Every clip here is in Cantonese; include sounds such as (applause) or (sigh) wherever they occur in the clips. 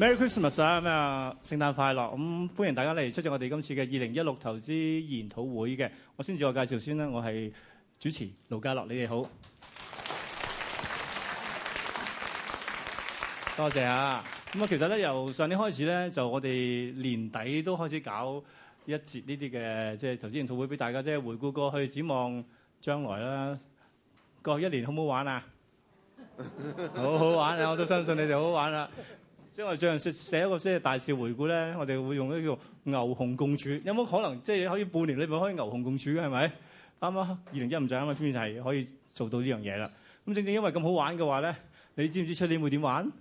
Merry Christmas 啊！咩啊？聖誕快樂！咁歡迎大家嚟出席我哋今次嘅二零一六投資研討會嘅。我先自我介紹先啦，我係主持盧家樂，你哋好。多謝啊謝！咁啊，其實咧，由上年開始咧，就我哋年底都開始搞一節呢啲嘅，即係投資研討會俾大家，即係回顧過去，展望將來啦。過去一年好唔好玩啊？ (laughs) 好好玩啊！我都相信你哋好好玩啊！因為最近寫寫一個即係大事回顧咧，我哋會用呢個叫牛熊共處，有冇可能即係、就是、可以半年裏面可以牛熊共處嘅？係咪啱啊？二零一五就啱啊，居然係可以做到呢樣嘢啦。咁正正因為咁好玩嘅話咧，你知唔知出年會點玩？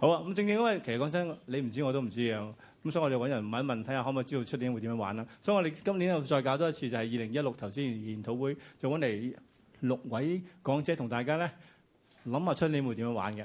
好啊！咁正正因為其實講真，你唔知我都唔知啊。咁所以我哋揾人問一問，睇下可唔可以知道出年會點樣玩啦。所以我哋今年又再搞多一次，就係二零一六投資研討會，就揾嚟六位講者同大家咧諗下出年會點樣玩嘅。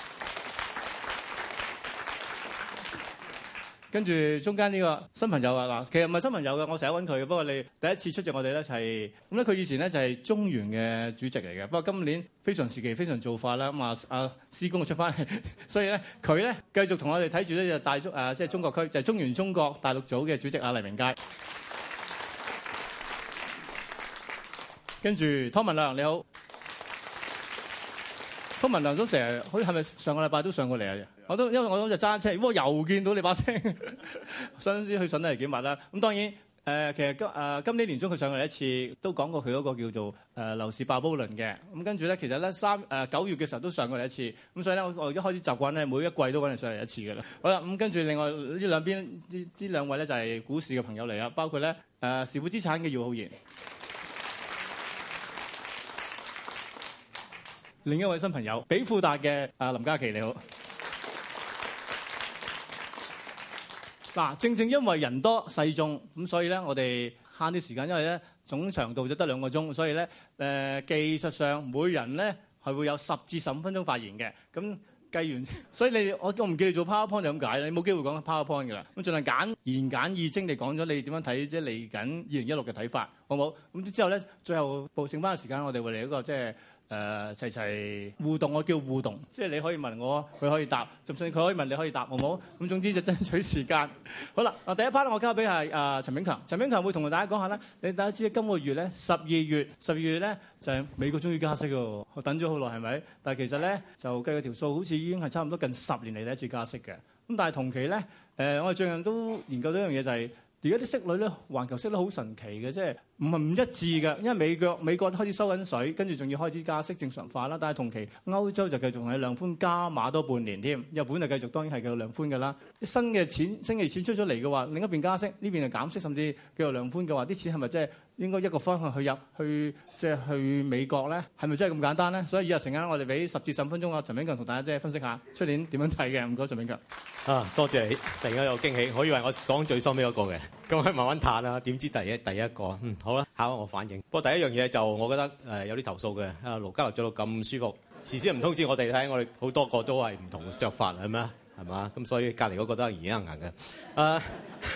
跟住中間呢個新朋友啊，嗱，其實唔係新朋友嘅，我成日揾佢嘅。不過你第一次出席我哋咧就係咁咧，佢以前咧就係中原嘅主席嚟嘅。不過今年非常時期、非常做法啦，咁啊，阿施公出翻嚟，所以咧佢咧繼續同我哋睇住呢，就大足即係中國區就係、是、中原中國大陸組嘅主席啊黎明佳。跟住湯文亮你好。通文良都成日，好似係咪上個禮拜都上過嚟啊？嗯、我都因為我都就揸車，我又見到你把聲 (laughs) 想，想知佢上得嚟幾密啦？咁當然，誒、呃、其實今誒、呃、今年年中佢上過嚟一次，都講過佢嗰個叫做誒、呃、樓市爆煲論嘅。咁跟住咧，其實咧三誒、呃、九月嘅時候都上過嚟一次。咁所以咧，我我而家開始習慣咧，每一季都揾你上嚟一次嘅啦。好啦，咁跟住另外呢兩邊呢呢兩位咧就係、是、股市嘅朋友嚟啦，包括咧誒、呃、時富資產嘅姚浩然。另一位新朋友，比富達嘅林嘉琪，你好。嗱， (laughs) 正正因為人多勢眾，咁所以咧，我哋慳啲時間，因為咧總長度就得兩個鐘，所以咧、呃，技術上每人咧係會有十至十五分鐘發言嘅。咁計完，所以你我我唔叫你做 PowerPoint 就咁解你冇機會講 PowerPoint 噶啦。咁盡量簡言簡意精地講咗你點樣睇即係嚟緊二零一六嘅睇法，好唔好？咁之後咧，最後報剩返嘅時間，我哋會嚟一個即係。誒、呃、齊齊互動，我叫互動，即係你可以問我，佢可以答，就算佢可以問，你可以答，好唔好？咁總之就爭取時間。好啦，我第一 part 我交俾係誒陳炳強，陳炳強會同大家講下咧。你大家知啦，今個月咧十二月，十二月咧就係、是、美國終於加息嘅，我等咗好耐係咪？但係其實咧就計個條數，好似已經係差唔多近十年嚟第一次加息嘅。咁但係同期咧誒、呃，我哋最近都研究到一樣嘢就係、是。而家啲息率咧，環球息率好神奇嘅，即係唔係唔一致嘅。因為美國美國開始收緊水，跟住仲要開始加息正常化啦。但係同期歐洲就繼續係量寬加碼多半年添，日本就繼續當然係繼續量寬㗎啦。新嘅錢新嘅錢出咗嚟嘅話，另一邊加息，呢邊就減息，甚至繼續量寬嘅話，啲錢係咪真係？應該一個方向去入去即係去美國咧，係咪真係咁簡單咧？所以以後成間我哋俾十至十五分鐘啊，陳炳強同大家即係分析下出年點樣睇嘅。唔該，陳炳強。啊，多謝你，突然間有驚喜，我以為我講最收尾嗰個嘅。咁我慢慢嘆啦，點知第一第一個嗯，好啦，考下我反應。不過第一樣嘢就我覺得誒、呃、有啲投訴嘅啊，盧嘉麟做到咁舒服，事先唔通知我哋睇，看我哋好多個都係唔同嘅着法係咩？係嘛？咁所以隔離嗰個都係耳硬硬嘅。啊。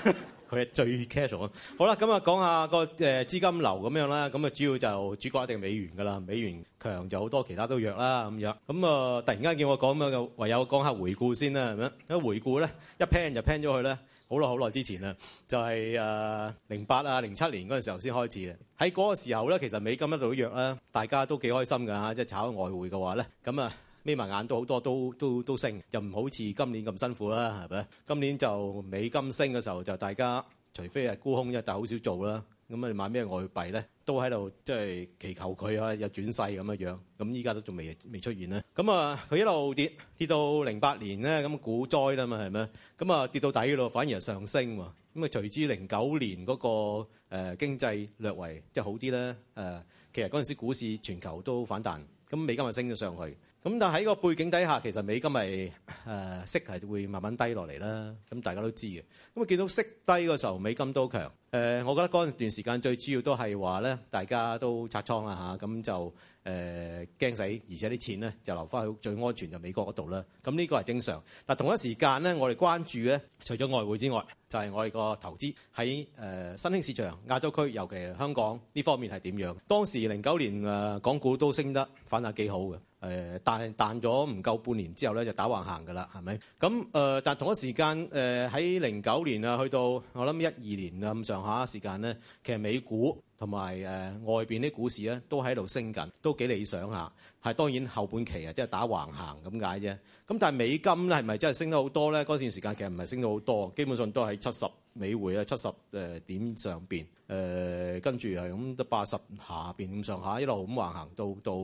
(laughs) 佢係最 casual。好啦，咁啊講下個誒資金流咁樣啦。咁啊主要就主角一定美元㗎啦。美元強就好多其他都弱啦咁樣。咁啊突然間叫我講咁樣，唯有講下回顧先啦，係咪？一回顧咧，一 plan 就 plan 咗去咧。好耐好耐之前啦，就係誒零八啊零七年嗰陣時候先開始。喺嗰個時候咧，其實美金一路弱啦，大家都幾開心㗎嚇，即係炒外匯嘅話咧，咁啊。眯埋眼都好多，都都都升，就唔好似今年咁辛苦啦，係咪？今年就美金升嘅時候，就大家除非係沽空啫，但係好少做啦。咁啊，買咩外幣咧，都喺度即係祈求佢啊，有轉勢咁樣樣。咁依家都仲未未出現咧。咁啊，佢一路跌跌到零八年咧，咁股災啦嘛，係咪？咁啊跌到底咯，反而係上升喎。咁啊，隨之零九年嗰個誒經濟略為即係好啲咧。誒，其實嗰陣時股市全球都反彈，咁美金啊升咗上去。咁但喺個背景底下，其實美金係呃息係會慢慢低落嚟啦。咁大家都知嘅。咁啊見到息低嘅時候，美金都強。誒、呃，我覺得嗰陣段時間最主要都係話咧，大家都拆倉啦嚇，咁、啊、就誒驚、呃、死，而且啲錢咧就留翻去最安全就美國嗰度啦。咁呢個係正常。但同一時間咧，我哋關注咧，除咗外匯之外，就係、是、我哋個投資喺誒新興市場亞洲區，尤其係香港呢方面係點樣？當時零九年誒、呃，港股都升得反彈幾好嘅。誒、呃，但係彈咗唔夠半年之後咧，就打橫行㗎啦，係咪？咁誒、呃，但同一時間誒，喺零九年啊，去到我諗一二年啊咁上下時間咧，其實美股同埋誒外邊啲股市咧都喺度升緊，都幾理想下。係當然後半期啊，即係打橫行咁解啫。咁但係美金咧係咪真係升得好多咧？嗰段時間其實唔係升到好多，基本上都喺七十美匯啊七十誒點上邊誒，跟住係咁得八十下邊咁上下，一路咁橫行到到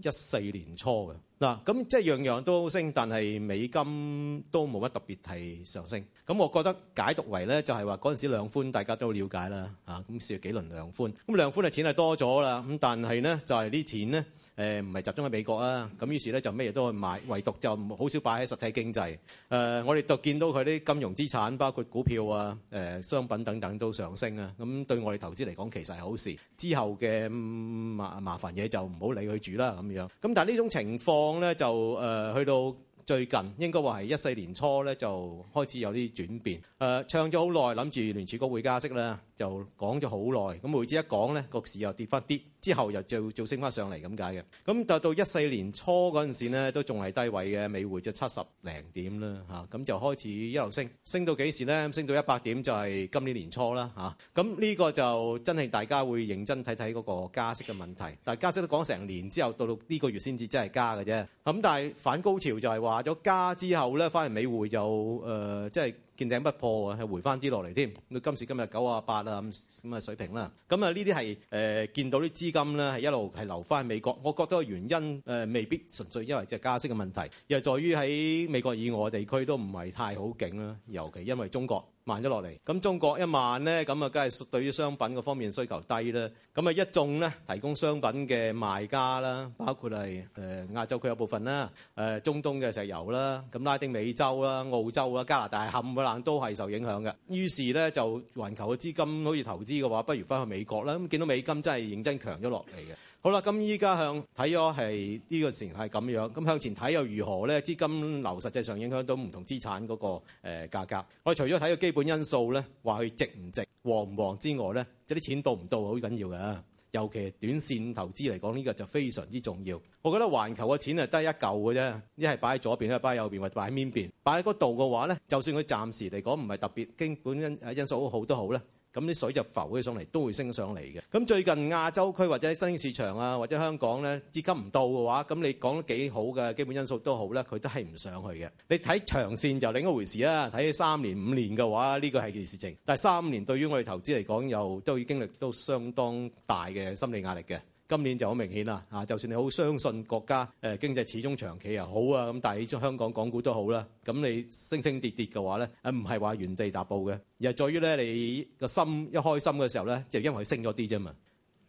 一四年初嘅。嗱，咁即係樣樣都升，但係美金都冇乜特別係上升。咁我覺得解讀為咧，就係話嗰陣時量寬大家都好瞭解啦。嚇，咁試幾輪量寬，咁量寬嘅錢係多咗啦。咁但係咧，就係呢啲錢咧。誒唔係集中喺美國啊，咁於是咧就咩嘢都去買，唯獨就好少擺喺實體經濟。誒，我哋就見到佢啲金融資產，包括股票啊、誒商品等等都上升啊，咁對我哋投資嚟講其實係好事。之後嘅麻麻煩嘢就唔好理佢住啦，咁樣。咁但係呢種情況咧就誒去到最近，應該話係一四年初咧就開始有啲轉變。誒唱咗好耐，諗住聯儲局會加息啦。就講咗好耐，咁每次一講咧，個市又跌翻啲，之後又就升翻上嚟咁解嘅。咁但到一四年初嗰陣時咧，都仲係低位嘅，美匯咗七十零點啦嚇，咁就開始一路升，升到幾時咧？升到一百點就係今年年初啦嚇。咁呢個就真係大家會認真睇睇嗰個加息嘅問題。但加息都講成年之後，到到呢個月先至真係加嘅啫。咁但係反高潮就係話咗加之後咧，反而美匯又誒，即、呃、係。就是見頂不破喎，係回返啲落嚟添。今時今日九啊八啊咁嘅水平啦。咁啊呢啲係誒見到啲資金呢，係一路係流翻美國。我覺得個原因、呃、未必純粹因為即係加息嘅問題，而係在於喺美國以外嘅地區都唔係太好景啦，尤其因為中國。慢咗落嚟，咁中國一慢呢，咁啊，梗係對於商品嗰方面需求低啦。咁啊，一眾呢，提供商品嘅賣家啦，包括係誒、呃、亞洲區有部分啦，誒、呃、中東嘅石油啦，咁拉丁美洲啦、澳洲啦、加拿大冚唪唥都係受影響嘅。於是呢，就環球嘅資金，好似投資嘅話，不如返去美國啦。咁見到美金真係認真強咗落嚟嘅。好啦，咁依家向睇咗係呢個情形咁樣，咁向前睇又如何呢？資金流實際上影響到唔同資產嗰個誒價格。我哋除咗睇個基本因素呢，話佢值唔值、黃唔黃之外呢，即啲錢到唔到好緊要㗎。尤其係短線投資嚟講，呢、這個就非常之重要。我覺得環球嘅錢係得一嚿㗎啫，一係擺喺左邊，一擺喺右邊，或者擺喺面邊。擺喺嗰度嘅話呢，就算佢暫時嚟講唔係特別基本因素好好都好啦。咁啲水就浮起上嚟，都會升上嚟嘅。咁最近亞洲區或者新興市場啊，或者香港呢，資金唔到嘅話，咁你講得幾好嘅基本因素都好咧，佢都係唔上去嘅。你睇長線就另一回事啦。睇三年五年嘅話，呢個係件事情。但係三五年對於我哋投資嚟講，又都要經歷都相當大嘅心理壓力嘅。今年就好明顯啦，啊，就算你好相信國家，誒經濟始終長期又好啊，咁但係香港港股都好啦，咁你升升跌跌嘅話咧，唔係話原地踏步嘅，而係在於咧你個心一開心嘅時候咧，就因為升咗啲啫嘛。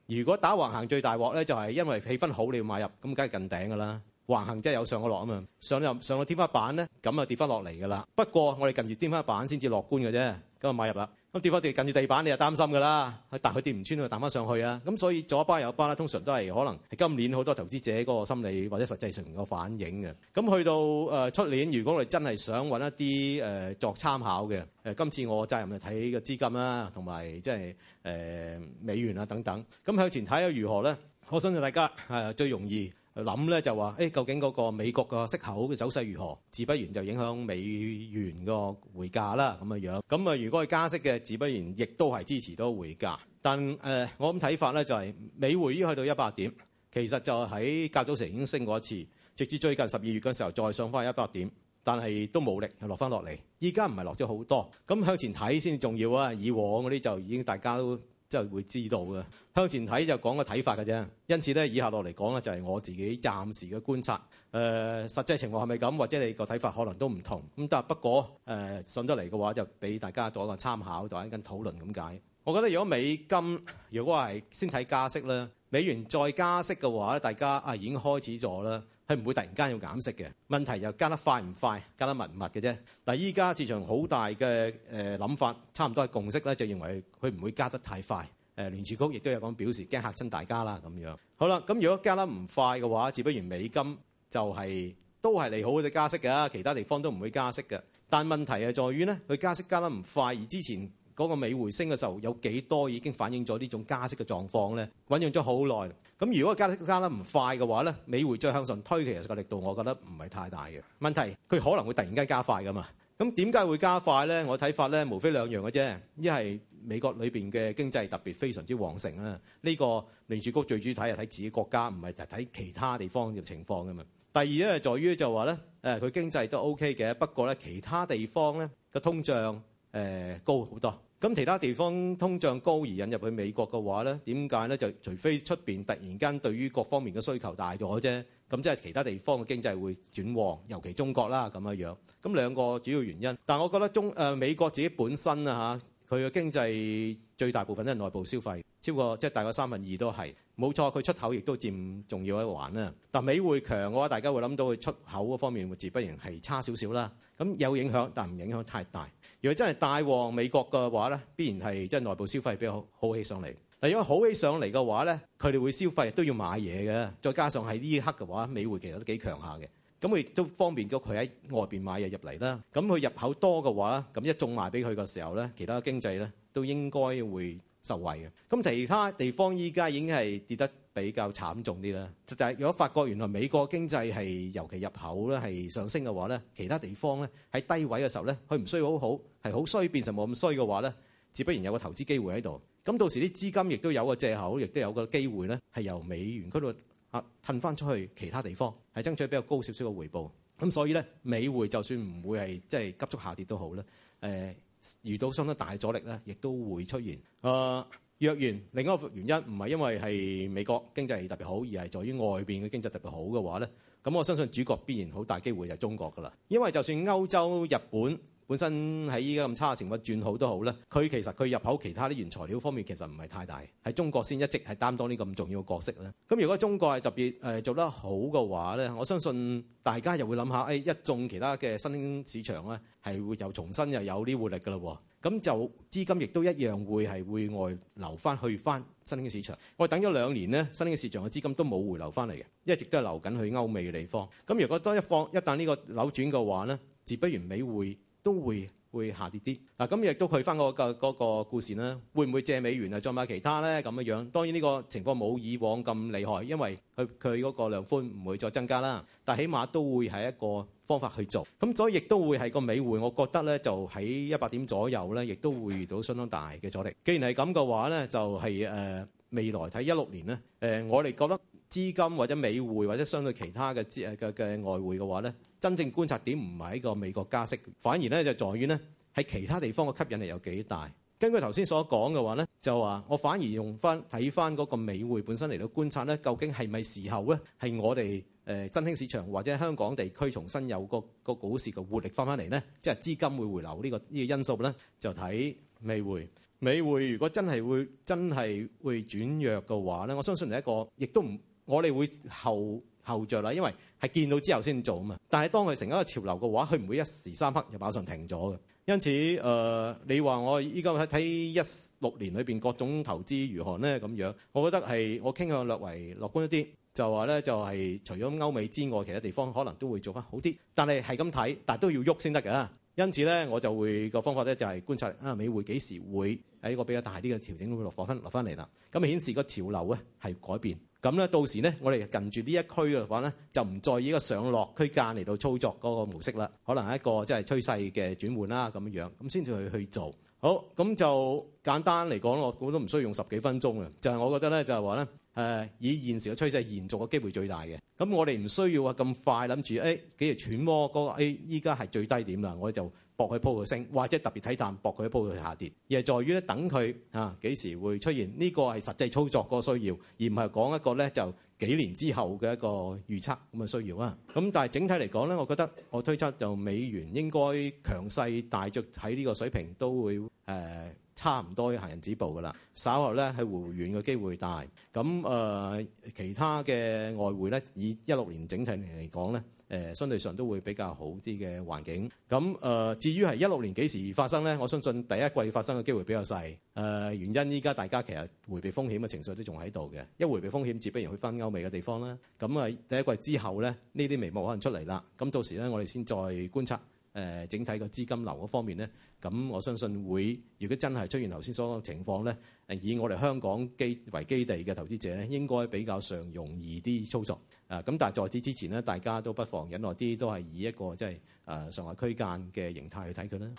如果打橫行最大鑊咧，就係因為氣氛好你要買入，咁梗係近頂噶啦。橫行即係有上有落啊嘛，上到上到天花板咧，咁啊跌翻落嚟噶啦。不過我哋近住天花板先至樂觀嘅啫，咁啊買入啦。咁跌翻跌近住地板，你就擔心噶啦。但佢跌唔穿佢係彈翻上去啊。咁所以左一巴右一巴啦，通常都係可能今年好多投資者嗰個心理或者實際上個反應嘅。咁去到誒出、呃、年，如果我哋真係想搵一啲誒、呃、作參考嘅、呃，今次我嘅責任係睇個資金啦，同埋即係誒美元啊等等。咁向前睇又如何咧？我相信大家係、呃、最容易。諗咧就話，誒究竟嗰個美國個息口嘅走勢如何？自不然就影響美元個匯價啦，咁樣樣。咁啊，如果係加息嘅，自不然亦都係支持到匯價。但誒、呃，我咁睇法咧，就係、是、美匯依去到一百點，其實就喺隔早成已經升過一次，直至最近十二月嘅時候再上翻一百點，但係都冇力又落翻落嚟。依家唔係落咗好多，咁向前睇先重要啊！以往嗰啲就已經大家都～就係會知道嘅，向前睇就講個睇法嘅啫。因此咧，以下落嚟講咧，就係我自己暫時嘅觀察。誒、呃，實際情況係咪咁，或者你個睇法可能都唔同。咁但不過誒、呃，上得嚟嘅話，就俾大家做一個參考，做一個討論咁解。我覺得如果美金，如果係先睇加息咧，美元再加息嘅話咧，大家啊已經開始咗啦。係唔會突然間要減息嘅，問題就加得快唔快，加得密唔密嘅啫。但係依家市場好大嘅、呃、想諗法，差唔多係共識，就認為佢唔會加得太快。誒、呃、聯儲局亦都有講表示，驚嚇親大家咁樣好。好，咁如果加得唔快嘅話，只不過美金就係、是、都係利好，好的加息㗎。其他地方都唔會加息嘅。但問題係在於呢，佢加息加得唔快，而之前嗰個美匯升嘅時候有幾多已經反映咗呢種加息嘅狀況呢？運用咗好耐。如果加息加得唔快嘅話，咧，美匯再向上推其實個力度，我覺得唔係太大嘅問題。佢可能會突然間加快噶嘛？咁點解會加快咧？我睇法咧，無非兩樣嘅啫。一係美國裏邊嘅經濟特別非常之旺盛啦。呢、這個聯儲局最主要睇係睇自己國家，唔係淨係睇其他地方嘅情況噶嘛。第二咧，在於就話咧，誒、呃、佢經濟都 OK 嘅，不過咧其他地方咧個通脹誒、呃、高好多。咁其他地方通脹高而引入去美國嘅話呢，點解呢？就除非出面突然間對於各方面嘅需求大咗啫，咁即係其他地方嘅經濟會轉旺，尤其中國啦咁樣樣。咁兩個主要原因。但係我覺得中、呃、美國自己本身啊吓，佢嘅經濟。最大部分都係內部消費，超過即係大概三分二都係冇錯。佢出口亦都佔重要一環。但美匯強嘅話，大家會諗到佢出口嗰方面，自不然係差少少啦。咁有影響，但唔影響太大。如果真係大旺美國嘅話，必然係即係內部消費比較好，好起上嚟。但如果好起上嚟嘅話呢，佢哋會消費都要買嘢嘅，再加上係呢一刻嘅話，美匯其實都幾強下嘅，咁亦都方便咗佢喺外邊買嘢入嚟啦。咁佢入口多嘅話，咁一種賣俾佢嘅時候呢，其他經濟呢。都應該會受惠嘅。咁其他地方依家已經係跌得比較慘重啲啦。就係如果發覺原來美國經濟係尤其入口咧係上升嘅話咧，其他地方咧喺低位嘅時候咧，佢唔衰好好係好衰變成冇咁衰嘅話咧，只不然有個投資機會喺度。咁到時啲資金亦都有個藉口，亦都有個機會咧，係由美元區度啊褪翻出去其他地方，係爭取比較高少少嘅回報。咁所以咧，美匯就算唔會係即係急速下跌都好啦。誒、呃。遇到相當大阻力呢，亦都會出現。誒、呃，若然另外一個原因唔係因為係美國經濟特別好，而係在於外面嘅經濟特別好嘅話呢。咁我相信主角必然好大機會就係中國㗎啦。因為就算歐洲、日本，本身喺依家咁差嘅情況轉好都好啦。佢其實佢入口其他啲原材料方面其實唔係太大，喺中國先一直係擔當呢咁重要嘅角色啦。咁如果中國係特別誒，做得好嘅話咧，我相信大家又會諗下誒、哎、一眾其他嘅新興市場咧係會又重新又有啲活力嘅咯。咁就資金亦都一樣會，係會外流翻去翻新興市場。我等咗兩年咧，新興市場嘅資金都冇回流翻嚟嘅，一直都係流緊去歐美嘅地方。咁如果當一方一旦呢個扭轉嘅話咧，自不然美匯，都會會下跌啲啊，咁亦都佢翻個、嗰個故事啦，會唔會借美元啊，再買其他呢？咁樣？當然呢個情況冇以往咁厲害，因為佢佢嗰個量寬唔會再增加啦，但起碼都會係一個方法去做。咁所以亦都會係個美匯，我覺得呢就喺一百點左右呢，亦都會遇到相當大嘅阻力。既然係咁嘅話呢，就係、是呃、未來睇一六年呢。呃、我哋覺得資金或者美匯或者相對其他嘅資嘅嘅外匯嘅話呢。真正觀察點唔係喺個美國加息，反而咧就在於呢喺其他地方嘅吸引力有幾大。根據頭先所講嘅話呢，就話我反而用翻睇翻嗰個美匯本身嚟到觀察呢，究竟係咪時候呢？係我哋誒新興市場或者香港地區重新有個個股市嘅活力翻翻嚟呢，即係資金會回流呢、呢個呢、呢個、因素呢，就睇美匯。美匯如果真係會真係會轉弱嘅話呢，我相信係一個亦都唔，我哋會後。後着啦，因為係見到之後先做啊嘛。但係當佢成一個潮流嘅話，佢唔會一時三刻就馬上停咗嘅。因此，誒、呃，你話我依家睇一六年裏面各種投資如何呢？咁樣，我覺得係我傾向略為樂觀一啲，就話咧就係除咗歐美之外，其他地方可能都會做翻好啲。但係係咁睇，但係都要喐先得㗎。因此咧，我就會、這個方法咧就係觀察啊，美匯幾時會喺個比較大啲嘅調整落火翻落翻嚟啦？咁顯示個潮流咧係改變。咁咧，到時咧，我哋近住呢一區嘅話咧，就唔再以個上落區間嚟到操作嗰個模式啦。可能係一個即係趨勢嘅轉換啦，咁樣，咁先至去去做。好，咁就簡單嚟講咯，我都唔需要用十幾分鐘嘅，就係、是、我覺得咧，就係話咧，誒，以現時嘅趨勢延續嘅機會最大嘅。咁我哋唔需要話咁快諗住，誒、哎、幾日揣摩、嗰個，誒，依家係最低點啦，我就。搏佢鋪嘅升，或者特別睇淡，搏佢鋪嘅下跌，而係在於咧，等佢嚇幾時會出現呢、這個係實際操作個需要，而唔係講一個咧就幾年之後嘅一個預測咁嘅需要啊。咁但係整體嚟講咧，我覺得我推測就美元應該強勢，大著喺呢個水平都會誒。呃差唔多行人止步噶啦，稍後咧係回回軟嘅機會大。咁誒、呃，其他嘅外匯咧，以一六年整體嚟講咧，誒、呃、相對上都會比較好啲嘅環境。咁誒、呃，至於係一六年幾時發生咧？我相信第一季發生嘅機會比較細。誒、呃，原因依家大家其實回避風險嘅情緒都仲喺度嘅，一回避風險，自然去翻歐美嘅地方啦。咁啊，第一季之後咧，呢啲眉目可能出嚟啦。咁到時咧，我哋先再觀察。誒，整體個資金流嗰方面咧，咁我相信會，如果真係出現頭先所講嘅情況咧，誒，以我哋香港基為基地嘅投資者咧，應該比較上容易啲操作。啊，咁但係在此之前咧，大家都不妨忍耐啲，都係以一個即係誒，上下區間嘅形態去睇佢啦。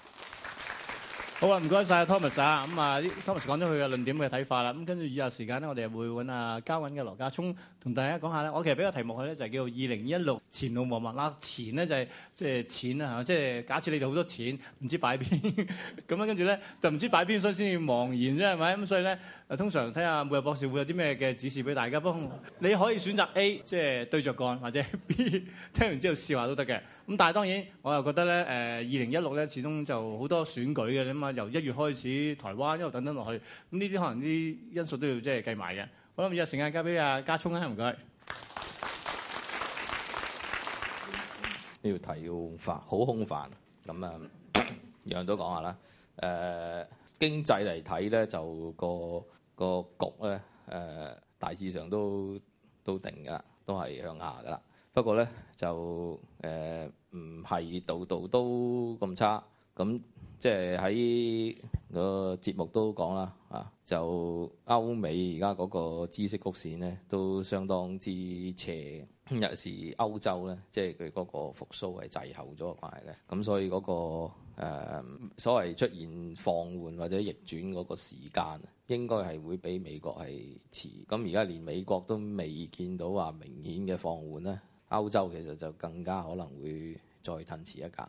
好謝謝 Thomas，啊，唔該晒啊，Thomas 啊，咁啊，Thomas 講咗佢嘅論點嘅睇法啦。咁跟住，以下時間咧，我哋會揾啊，交銀嘅羅家聰同大家講下咧。我其實俾個題目佢咧，就係、叫做《二零一六前路茫茫啦。前咧就係即係錢啊，嚇，即係假設你哋好多錢，唔知擺邊咁 (laughs) 啊。跟住咧，就唔知擺邊所以先至茫然啫係咪？咁、啊、所以咧。通常睇下每日博士會有啲咩嘅指示俾大家，不過你可以選擇 A，即係對着幹，或者 B 聽完之後笑話都得嘅。咁但係當然，我又覺得咧誒，二零一六咧始終就好多選舉嘅，啫嘛由一月開始，台灣一路等等落去。咁呢啲可能啲因素都要即係計埋嘅。我諗今日時間交俾阿家聰啊，唔該。呢條題要繁，好空泛。咁啊，樣咳咳都講下啦。誒、呃，經濟嚟睇咧就個。個局咧，誒、呃、大致上都都定㗎啦，都係向下㗎啦。不過咧，就誒唔係度度都咁差。咁即係喺個節目都講啦，啊就歐美而家嗰個孳息曲線咧，都相當之斜。尤其是歐洲呢，即係佢嗰個復甦係滯後咗嘅關係，咁所以嗰、嗰個誒、呃、所謂出現放緩或者逆轉嗰個時間，應該係會比美國係遲。咁而家連美國都未見到話明顯嘅放緩呢，歐洲其實就更加可能會再騰遲一格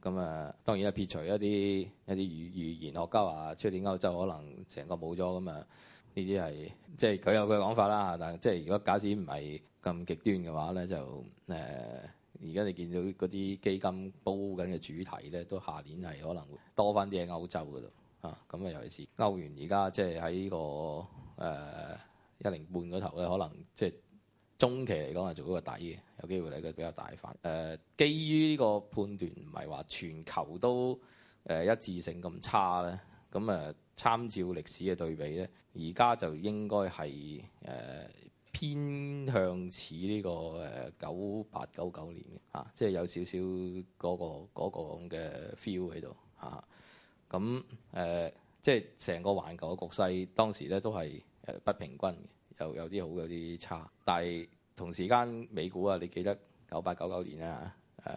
咁啊，啊，當然係撇除一啲一啲語言學家話，出年歐洲可能成個冇咗咁啊。呢啲係即係佢有佢嘅講法啦，但係即係如果假使唔係咁極端嘅話咧，就誒而家你見到嗰啲基金煲緊嘅主題咧，都下年係可能會多返啲喺歐洲嗰度啊，咁啊尤其是歐元而家即係喺呢個誒一零半嗰頭咧，可能即係中期嚟講係做一個底嘅，有機會嚟佢比較大翻誒、呃。基於呢個判斷，唔係話全球都誒、呃、一致性咁差咧。咁誒，參照歷史嘅對比咧，而家就應該係誒、呃、偏向似呢、這個誒九八九九年嘅吓、啊，即係有少少嗰、那個嗰、那個咁嘅 feel 喺度吓，咁、啊、誒、啊呃、即係成個環球嘅局勢當時咧都係誒不平均嘅，有有啲好，有啲差。但係同時間美股啊，你記得九八九九年啊誒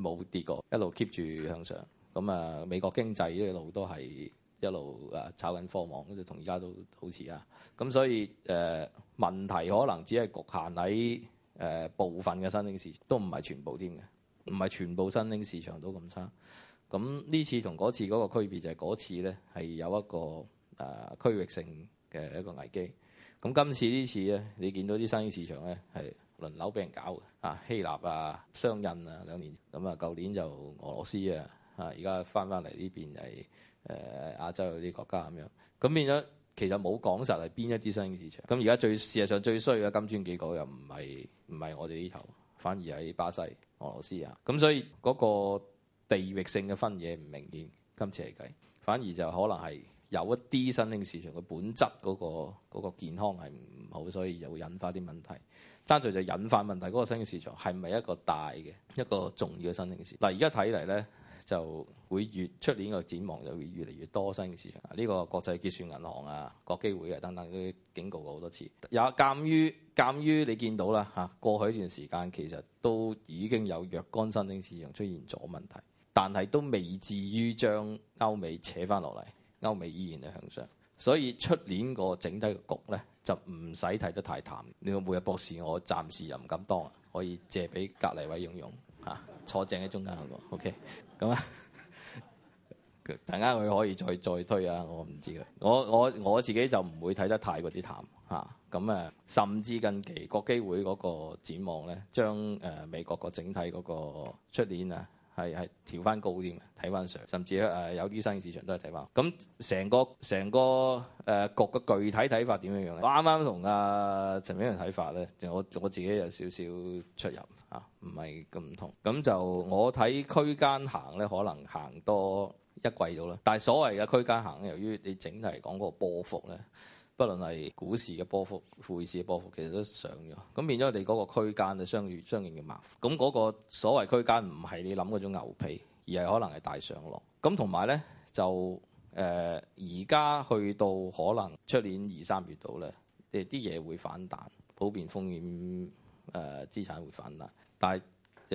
冇跌過，一路 keep 住向上。咁啊，美國經濟一路都多係一路啊炒緊科網，跟住同而家都好似啊。咁所以誒、呃、問題可能只係局限喺誒、呃、部分嘅新興市場，都唔係全部添嘅，唔係全部新興市場都咁差。咁呢次同嗰次嗰個區別就係、是、嗰次咧係有一個啊、呃、區域性嘅一個危機。咁今次，這次呢次咧，你見到啲新興市場咧係輪流俾人搞嘅啊，希臘啊、雙印啊兩年，咁啊舊年就俄羅斯啊。啊！而家翻翻嚟呢邊係誒亞洲嗰啲國家咁樣咁變咗，其實冇講實係邊一啲新興市場。咁而家最事實上最衰嘅金磚幾國又唔係唔係我哋呢頭，反而喺巴西、俄羅斯啊。咁所以嗰個地域性嘅分野唔明顯。今次嚟計，反而就可能係有一啲新興市場嘅本質嗰個嗰個健康係唔好，所以就會引發啲問題。爭在就引發問題嗰個新興市場係唔係一個大嘅一個重要嘅新興市場？嗱，而家睇嚟咧。就會越出年個展望就會越嚟越多新嘅市場。呢、啊這個國際結算銀行啊、國基會啊等等都警告過好多次。也鑑於鑑於你見到啦嚇、啊，過去一段時間其實都已經有若干新興市場出現咗問題，但係都未至於將歐美扯翻落嚟，歐美依然係向上。所以出年個整體個局咧就唔使睇得太淡。你個每日博士我暫時又唔敢當啊，可以借俾隔離位用用。嚇、啊、坐正喺中間嗰 o k 咁啊，okay. Good. 等間佢可以再再推啊，我唔知佢。我我我自己就唔會睇得太過啲淡嚇。咁啊,啊，甚至近期國機會國基會嗰個展望咧，將誒、呃、美國個整體嗰、那個出年啊，係係調翻高啲嘅，睇翻上，甚至咧、呃、有啲新嘅市場都係睇翻。咁成個成個誒局嘅具體睇法點樣樣咧、啊？我啱啱同阿陳美陽睇法咧，我我自己有少少出入。唔係咁唔同，咁就我睇區間行咧，可能行多一季度啦。但係所謂嘅區間行，由於你整體嚟講個波幅咧，不論係股市嘅波幅、匯市嘅波幅，其實都上咗。咁變咗，你嗰個區間就相於相應嘅麻，咁嗰個所謂區間唔係你諗嗰種牛皮，而係可能係大上落。咁同埋咧，就誒而家去到可能出年二三月度咧，誒啲嘢會反彈，普遍風險誒資產會反彈。但係誒、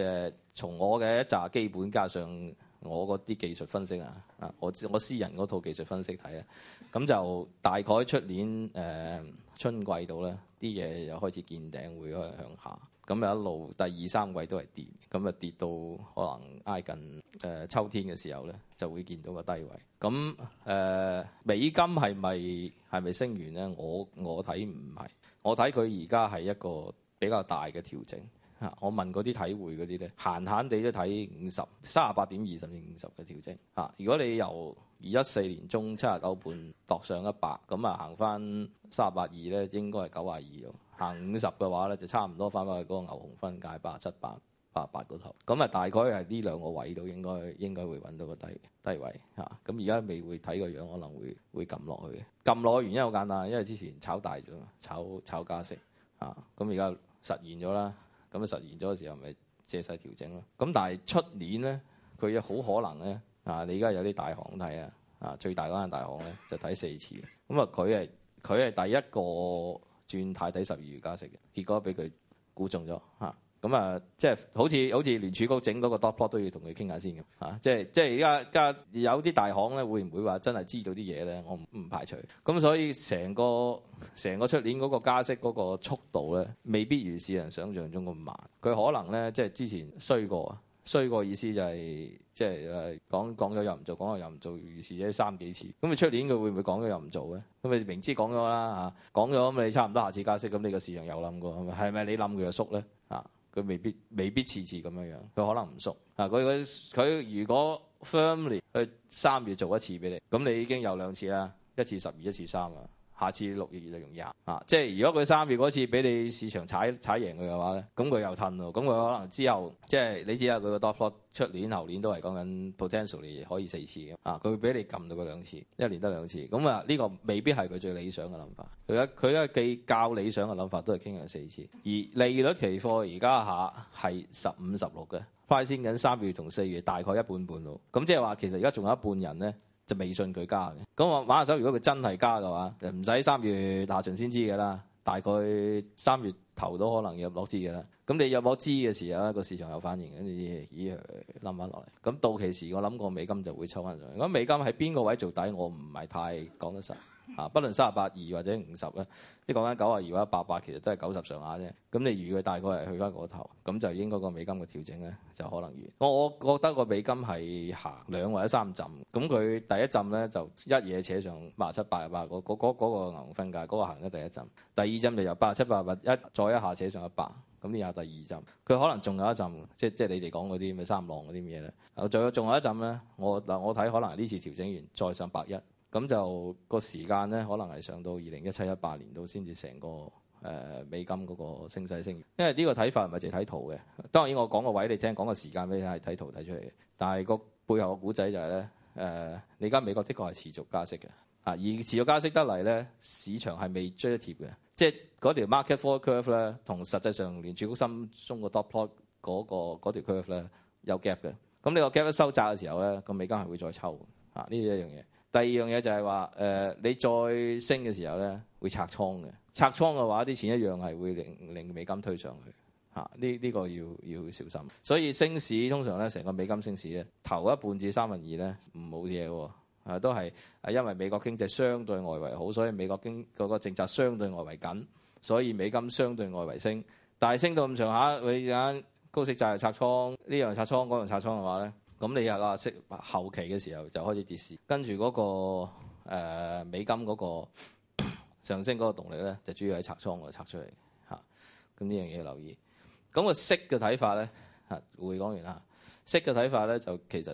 呃，從我嘅一扎基本加上我嗰啲技術分析啊，啊，我我私人嗰套技術分析睇啊，咁就大概出年誒、呃、春季度咧，啲嘢又開始見頂，會向向下咁，又一路第二三季都係跌，咁啊跌到可能挨近誒、呃、秋天嘅時候咧，就會見到個低位。咁誒、呃、美金係咪係咪升完咧？我我睇唔係，我睇佢而家係一個比較大嘅調整。我問嗰啲體會嗰啲咧，閒閒地都睇五十三十八點二甚至五十嘅調整嚇。如果你由二一四年中七十九半度上一百，咁啊行翻三十八二咧，應該係九十二。行五十嘅話咧，就差唔多翻返去嗰個牛熊分界八十七八八八嗰頭。咁啊，大概係呢兩個位度應該應該會揾到個低低位嚇。咁而家未會睇個樣，可能會會撳落去嘅。撳落嘅原因好簡單，因為之前炒大咗，炒炒加息啊，咁而家實現咗啦。咁啊，實現咗嘅時候咪借勢調整咯。咁但係出年咧，佢又好可能咧啊！你而家有啲大行睇啊，啊最大嗰間大行咧就睇四次。咁啊，佢係佢係第一個轉太睇十二月加息嘅，結果俾佢估中咗吓。咁啊，即係好似好似聯儲局整嗰個 dot plot 都要同佢傾下先咁嚇，即係即係而家家有啲大行咧，會唔會話真係知道啲嘢咧？我唔唔排除。咁所以成個成個出年嗰個加息嗰個速度咧，未必如世人想像中咁慢。佢可能咧，即係之前衰過啊，衰過意思就係即係誒講講咗又唔做，講咗又唔做，如是者三幾次。咁你出年佢會唔會講咗又唔做咧？咁你明知講咗啦嚇，講咗咁你差唔多下次加息，咁你個市場又冧過，係咪你冧佢又縮咧？佢未必未必次次咁樣樣，佢可能唔熟。佢如果 firmly 去三月做一次俾你，咁你已經有兩次啦，一次十二，一次三啊。下次六月就容易啱，啊！即係如果佢三月嗰次俾你市場踩踩贏佢嘅話咧，咁佢又褪咯，咁佢可能之後即係你知啊，佢個 dot plot 出年、後年都係講緊 potential 可以四次嘅，啊！佢會俾你撳到佢兩次，一年得兩次，咁啊呢個未必係佢最理想嘅諗法，佢一佢一計較理想嘅諗法都係傾緊四次，而利率期貨而家下係十五十六嘅，快先緊三月同四月大概一半半咯，咁即係話其實而家仲有一半人咧。就微信佢加嘅，咁我玩下手。如果佢真係加嘅話，唔使三月下旬先知嘅啦，大概三月頭都可能入落資嘅啦。咁你入落資嘅時候，個市場有反應，跟住咦諗翻落嚟。咁到期時，我諗個美金就會抽翻上嚟。咁美金喺邊個位做底，我唔係太講得實。啊，不論三十八二或者五十咧，你講緊九啊二或者八八，其實都係九十上下啫。咁你預佢大概係去翻嗰頭，咁就應該個美，就個美金嘅調整咧就可能完。我我覺得個美金係行兩或者三浸。咁佢第一浸咧就一夜扯上八七八八嗰、嗰個嗰個牛分界嗰、嗰個行咗第一浸。第二浸就由八七八八一再一下扯上一百，咁呢下第二浸。佢可能仲有一浸，即、就、即、係就係、你哋講嗰啲咩三浪嗰啲嘢咧。仲有仲有一浸咧，我嗱我睇可能呢次調整完再上百一。咁就、嗰個時間咧，可能係上到二零一七一八年度先至成個誒、呃、美金嗰個升勢升。因為呢個睇法唔係淨睇圖嘅。當然我講個位你聽，講個時間俾你睇圖睇出嚟嘅。但係個背後個故仔就係咧誒，你而家美國的確係持續加息嘅啊。而持續加息得嚟咧，市場係未追得貼嘅，即係嗰條 market forward curve 咧，同實際上聯儲中心中個 dot plot 嗰、嗰個嗰條 curve 咧有 gap 嘅。咁你個 gap 收窄嘅時候咧，個美金係會再抽嘅啊。呢一樣嘢。第二樣嘢就係話，呃，你再升嘅時候咧，會拆倉嘅。拆倉嘅話，啲錢一樣係會令令美金推上去呢呢，啊呢個要要小心。所以升市通常咧，成個美金升市咧，頭一半至三分二咧，唔好嘢喎，哦。啊，都係啊，因為美國經濟相對外圍好，所以美國經濟嗰個政策相對外圍緊，所以美金相對外圍升。但係升到咁上下，你陣間高息債又拆倉，呢樣拆倉，嗰樣拆倉嘅話咧？咁你又話息後期嘅時候就開始跌市，跟住嗰、那個、呃、美金嗰、那個咳咳上升嗰個動力咧，就主要喺拆倉嗰度拆出嚟嚇，咁呢樣嘢要留意。咁、那個息嘅睇法咧嚇，會、啊、講完啦。息嘅睇法咧就其實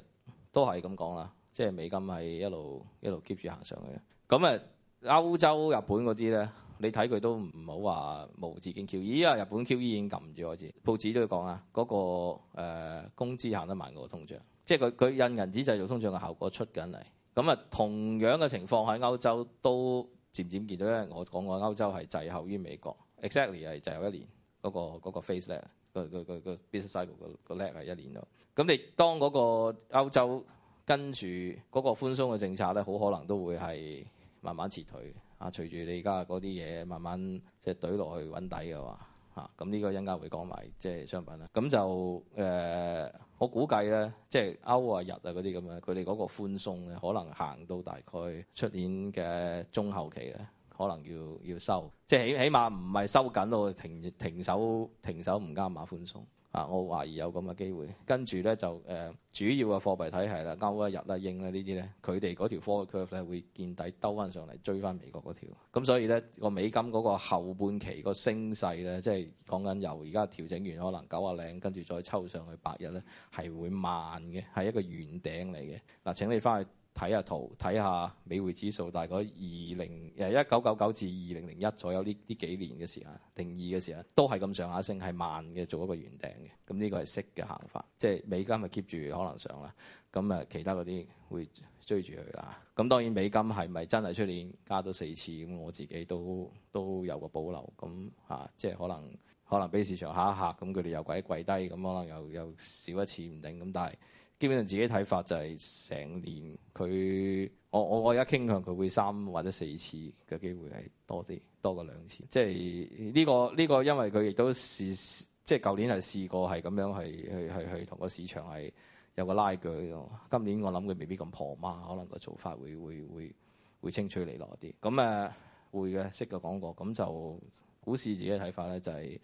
都係咁講啦，即、就、係、是、美金係一,一路一路 keep 住行上去。咁啊，歐洲、日本嗰啲咧，你睇佢都唔好話無止境 Q、E，哎。依家日本 Q E 已經撳住開始，報紙都要講啊。嗰、那個公、呃、工資行得慢過通脹。即係佢佢印銀紙製造通脹嘅效果出緊嚟，咁啊同樣嘅情況喺歐洲都漸漸見到咧。因為我講過歐洲係滯後於美國，exactly 係滯後一年嗰個嗰個 phase 咧，個個個 business cycle 個個 lag 係一年度。咁你當嗰個歐洲跟住嗰個寬鬆嘅政策咧，好可能都會係慢慢撤退啊，隨住你而家嗰啲嘢慢慢即係懟落去穩底嘅話。咁呢、啊，這個陣間會講埋，即係商品啦，咁就誒、呃，我估計咧，即係歐啊、日啊嗰啲咁樣，佢哋嗰個寬鬆咧可能行到大概出年嘅中後期咧，可能要要收，即係起起碼唔係收緊咯，停手停手停手唔加碼寬鬆。啊！我懷疑有咁嘅機會，跟住咧就誒、呃、主要嘅貨幣體系啦、歐一入啦、英啦呢啲咧，佢哋嗰條貨嘅 curve 咧會見底兜翻上嚟追翻美國嗰條。咁所以咧個美金嗰個後半期個升勢咧，即係講緊由而家調整完可能九啊零，跟住再抽上去百一咧，係會慢嘅，係一個圓頂嚟嘅。嗱，請你翻去。睇下圖，睇下美匯指數大概二零誒一九九九至二零零一左右呢呢幾年嘅時間，零二嘅時候都係咁上下升，係慢嘅做一個圓頂嘅。咁呢個係息嘅行法，即係美金咪 keep 住可能上啦。咁其他嗰啲會追住佢啦。咁當然美金係咪真係出年加多四次？咁我自己都都有個保留。咁即係可能可能俾市場下一下咁佢哋又鬼跪低，咁可能又又少一次唔定。咁但係。基本上自己睇法就係成年佢，我我我而家傾向佢會三或者四次嘅機會係多啲，多過兩次。即係呢個呢個，呢個、因為佢亦都試，即係舊年係試過係咁樣係係係係同個市場係有個拉鋸咯。今年我諗佢未必咁婆媽，可能個做法會會會會清脆俐落啲。咁誒、啊、會嘅，識嘅講過。咁就股市自己睇法咧、就係，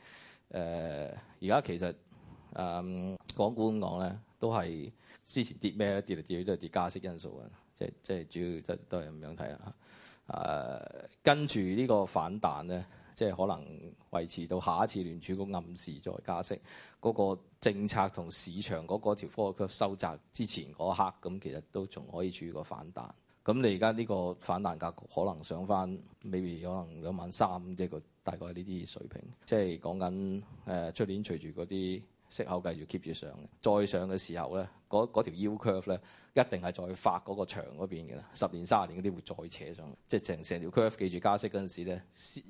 就係誒而家其實誒港、呃、股咁講咧，都係。之前跌咩咧？跌嚟跌去都係跌加息因素啊！即係即係主要都都係咁樣睇啊！誒、呃，跟住呢個反彈咧，即係可能維持到下一次聯儲局暗示再加息，嗰、嗰個政策同市場嗰嗰條 curve 收窄之前嗰刻，咁其實都仲可以處於一個反彈。咁你而家呢個反彈格局可能上翻，maybe 可能兩萬三，即係個大概呢啲水平。即係講緊誒，出年隨住嗰啲。息口繼要 keep 住上，再上嘅時候咧，嗰條 U curve 咧，cur 一定係再發嗰個長嗰邊嘅啦。十年、卅年嗰啲會再扯上，即係成成條 curve 記住加息嗰陣時咧，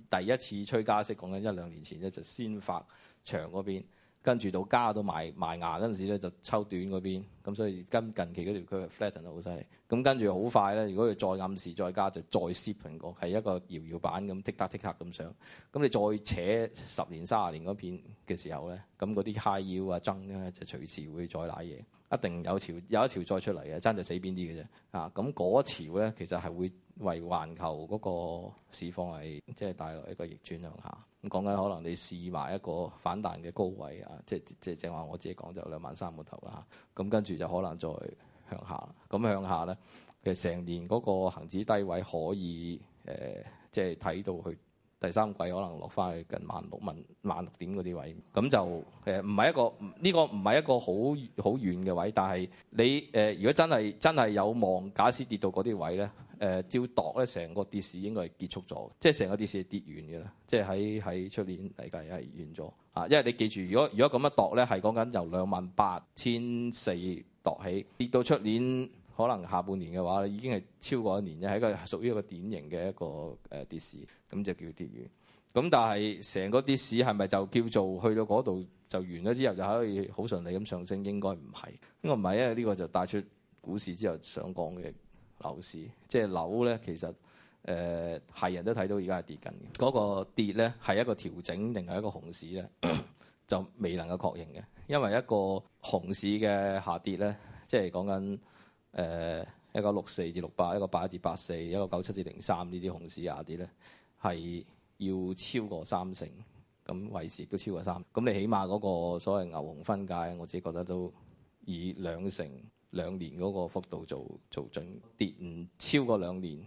第一次吹加息講緊一兩年前咧就先發長嗰邊，跟住到加到埋埋牙嗰陣時咧就抽短嗰邊，咁所以跟近期嗰條 curve flatten 得好犀利。咁跟住好快咧，如果佢再暗示再加，就再吸蘋果，係一個搖搖板咁 tick 塔 tick 塔咁上。咁你再扯十年三十年嗰片嘅時候咧，咁嗰啲 high yield 啊、junk 咧就隨時會再瀨嘢，一定有潮有一潮再出嚟嘅，爭就死邊啲嘅啫。啊，咁嗰潮咧其實係會為環球嗰個市況係即係帶來一個逆轉向下。咁講緊可能你試埋一個反彈嘅高位啊，即即正話我自己講就有兩萬三個頭啦。咁跟住就可能再向下，咁向下咧，其實成年嗰個恆指低位可以誒，即係睇到去第三季可能落翻去近萬六蚊、萬六點嗰啲位，咁就誒唔係一個呢、呢個唔係一個好好遠嘅位，但係你誒、呃、如果真係真係有望，假設跌到嗰啲位咧，誒、呃、照度咧，成個跌市應該係結束咗，即係成個跌市跌完嘅啦，即係喺喺出年嚟計係完咗啊，因為你記住，如果如果咁樣度咧，係講緊由兩萬八千四。落起跌到出年，可能下半年嘅話，已經係超過一年，係一個屬於一個典型嘅一個誒跌市，咁就叫跌完。咁但係成個跌市係咪就叫做去到嗰度就完咗之後就可以好順利咁上升？應該唔係，應該唔係，因為呢個就帶出股市之後想講嘅樓市，即係樓咧，其實誒係、呃、人都睇到而家係跌緊嘅。嗰、嗰個跌咧係一個調整定係一個熊市咧， (coughs) 就未能夠確認嘅。因為一個熊市嘅下跌咧，即係講緊誒一個六四至六八，一個八一至八四，一個九七至零三呢啲熊市下跌咧，係要超過三成咁為時都超過三咁。那你起碼嗰個所謂牛熊分界，我自己覺得都以兩成兩年嗰個幅度做做準，跌唔超過兩年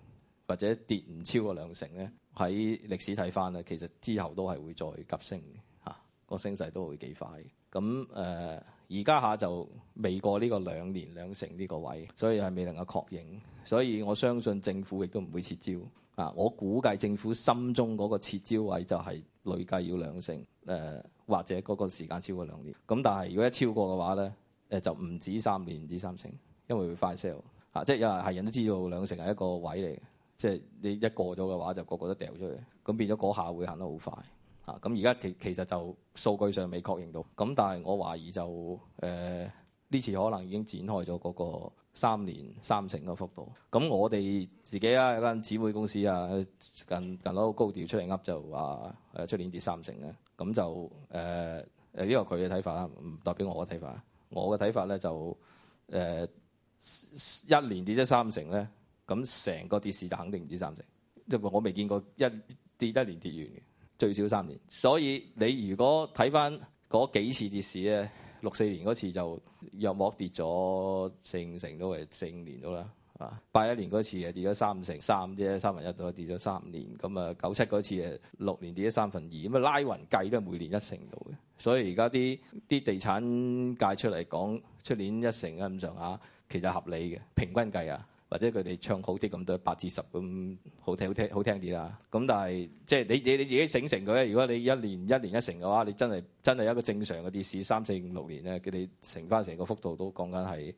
或者跌唔超過兩成咧，喺歷史睇返咧，其實之後都係會再急升嚇、個升勢都會幾快。咁誒，而家下就未過呢個兩年兩成呢個位，所以係未能夠確認，所以我相信政府亦都唔會撤招啊！我估計政府心中嗰個撤招位就係累計要兩成誒、啊、或者嗰個時間超過兩年。咁、啊、但係如果一超過嘅話咧，誒就唔止三年唔止三成，因為會快 sale 啊！即係係人都知道兩成係一個位嚟嘅，即係你一過咗嘅話就個個都掉出嚟，咁變咗嗰下會行得好快。啊，咁而家其其實就數據上未確認到，咁但係我懷疑就誒呢、呃、次可能已經展開咗嗰個三年三成嘅幅度。咁我哋自己啦，有間姊妹公司啊，近近攞個高調出嚟噏就話誒出年跌三成咧，咁就誒誒呢個佢嘅睇法啦，唔代表我嘅睇法。我嘅睇法咧就誒、呃、一年跌咗三成咧，咁成個跌市就肯定唔止三成，因為我未見過一跌一年跌完嘅。最少三年，所以你如果睇翻嗰幾次跌市咧，六四年嗰次就約莫跌咗四五成，都係四五年到啦，啊八一年嗰次啊跌咗三成三啫，三分一都跌咗三年，咁啊九七嗰次啊六年跌咗三分二，咁啊拉勻計都係每年一成度嘅，所以而家啲啲地產界出嚟講出年一成啊咁上下，其實合理嘅平均計啊。或者佢哋唱好啲，咁多八至十咁好聽好聽好聽啲啦，咁但係即係你你你自己醒成佢，如果你一年一年一成嘅話，你真係真係一個正常嘅跌市，三四五六年咧，佢哋成翻成個幅度都講緊係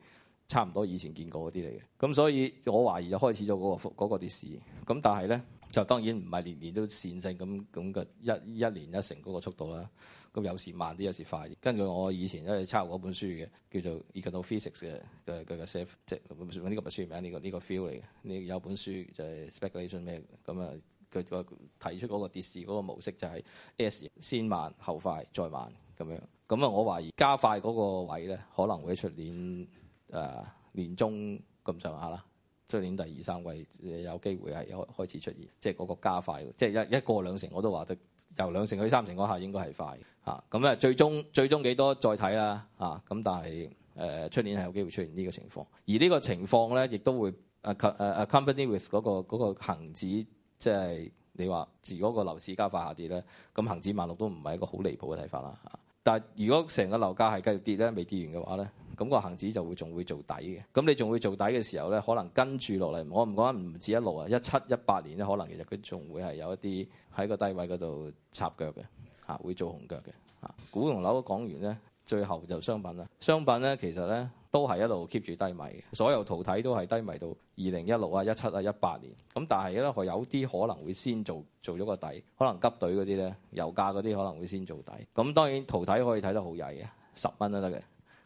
差唔多以前見過嗰啲嚟嘅，咁所以我懷疑就開始咗嗰個幅嗰個跌市，咁但係咧。就當然唔係年年都線性咁咁嘅一一,一年一成嗰個速度啦，咁有時慢啲，有時快。跟住我以前咧係抄嗰本書嘅，叫做、e 的《Economic Physics》嘅嘅嘅寫，即、這、呢個唔係書名，呢、這個呢個 feel 嚟嘅。你有本書就係 spe《Speculation》咩咁啊，佢個提出嗰個跌市嗰個模式就係 S 先慢後快再慢咁樣。咁啊，我懷疑加快嗰個位咧，可能會喺出年誒、呃、年中咁上下啦。出年第二三季有機會係開開始出現，即係嗰個加快，即係一一個兩成我都話得，由兩成去三成嗰下應該係快嚇。咁、啊、咧最終最終幾多再睇啦嚇。咁、啊、但係誒出年係有機會出現呢個情況，而呢個情況咧亦都會誒誒 accompany with 嗰個恆指，即、就、係、是、你話如果嗰個樓市加快下跌咧，咁恆指萬六都唔係一個好離譜嘅睇法啦嚇、啊。但係如果成個樓價係繼續跌咧，未跌完嘅話咧，咁個恆指就會仲會做底嘅，咁你仲會做底嘅時候咧，可能跟住落嚟，我唔講唔止一六啊，一七、一八年咧，可能其實佢仲會係有一啲喺個低位嗰度插腳嘅，嚇會做紅腳嘅，嚇。股同樓講完咧，最後就商品啦。商品咧其實咧都係一路 keep 住低迷嘅，所有圖睇都係低迷到二零一六啊、一七啊、一八年。咁但係咧，有啲可能會先做做咗個底，可能急隊嗰啲咧，油價嗰啲可能會先做底。咁當然圖睇可以睇得好曳嘅，十蚊都得嘅。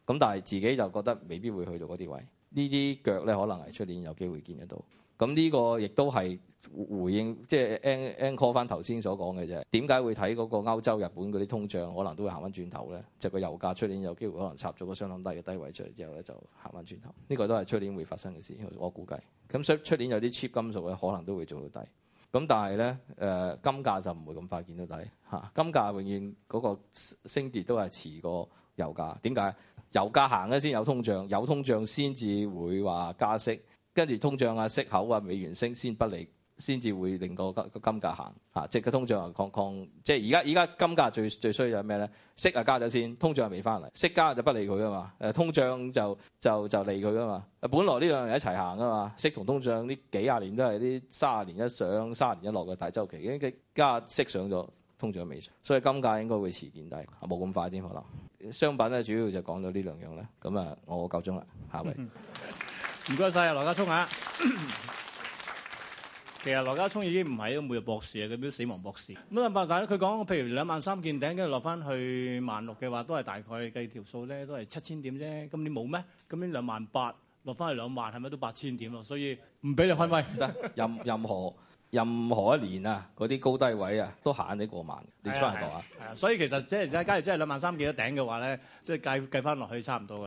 咁但係自己就覺得未必會去到嗰啲位，呢啲腳咧可能係出年有機會見得到。咁、這、呢個亦都係回應，即係 anchor 翻頭先所講嘅啫。點解會睇嗰個歐洲、日本嗰啲通脹可能都會行翻轉頭咧？就個、是、油價出年有機會可能插咗個相當低嘅低位出嚟之後咧，就行翻轉頭。呢個都係出年會發生嘅事，我估計。咁所以出年有啲 cheap 金屬咧，可能都會做到低。咁但係呢，呃、金價就唔會咁快見到底吓。金價永遠嗰個升跌都係遲過油價。點解？油價行嘅先有通脹，有通脹先至會話加息，跟住通脹啊、息口啊、美元升先不利。先至會令個金金價行嚇，即係個通脹啊抗抗，即係而家而家金價最最衰就係咩咧？息啊加咗先，通脹啊未翻嚟，息加就不利佢噶嘛，誒、啊、通脹就就就利佢噶嘛。本來呢兩樣一齊行噶嘛、啊，息同通脹呢幾廿年都係啲三十年一上三十年一落嘅大周期，因為佢加息上咗，通脹未上，所以金價應該會遲見底，但係冇咁快啲可能。商品咧主要就講到呢兩樣咧，咁啊我夠鐘啦，下位。唔該晒啊，羅家聰啊。其實羅家聰已經唔係一個每日博士啊，佢都死亡博士咁啊，八百咧佢講，譬如兩萬三見頂，跟住落翻去萬六嘅話，都係大概計條數咧，都係七千點啫。咁你冇咩？今年兩萬八落翻去兩萬，係咪都八千點咯？所以唔俾你開咪。得任行吧任何任何一年啊，嗰啲高低位啊，都行得過萬。你出信度啊？係啊，啊，啊，所以其實即係假如真係兩萬三幾多頂嘅話咧，即係計計翻落去差唔多。